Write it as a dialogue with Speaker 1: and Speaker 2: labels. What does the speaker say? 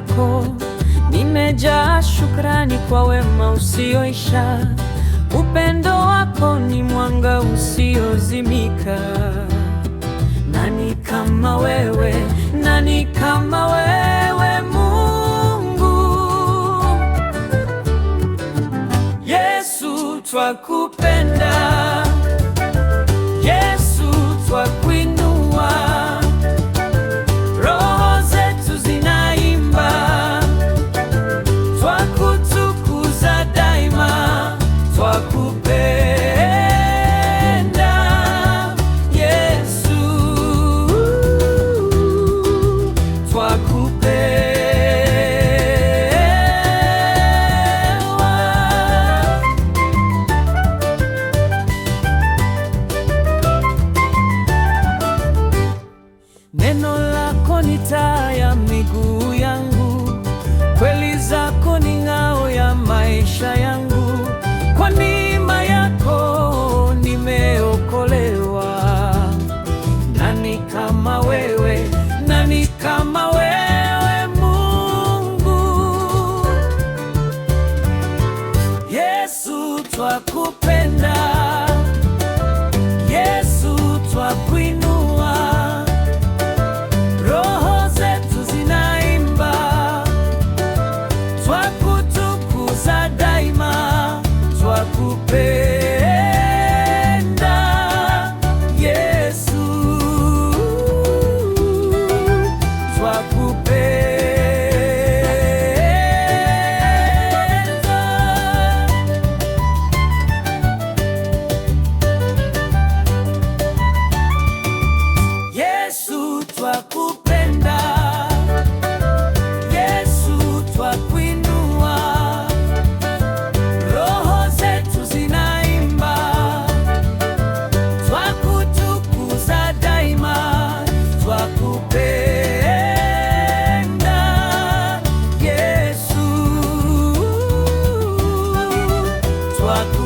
Speaker 1: yako. Nimejaa shukrani kwa wema usioisha, upendo wako ni mwanga usiozimika. Nani kama wewe? Nani kama wewe Mungu?
Speaker 2: Yesu, twakupenda Yesu.
Speaker 3: ni taa ya miguu yangu, kweli zako ni ngao ya maisha yangu. Kwa neema yako nimeokolewa. Nani kama wewe? Nani kama wewe Mungu?
Speaker 2: Yesu my молоко.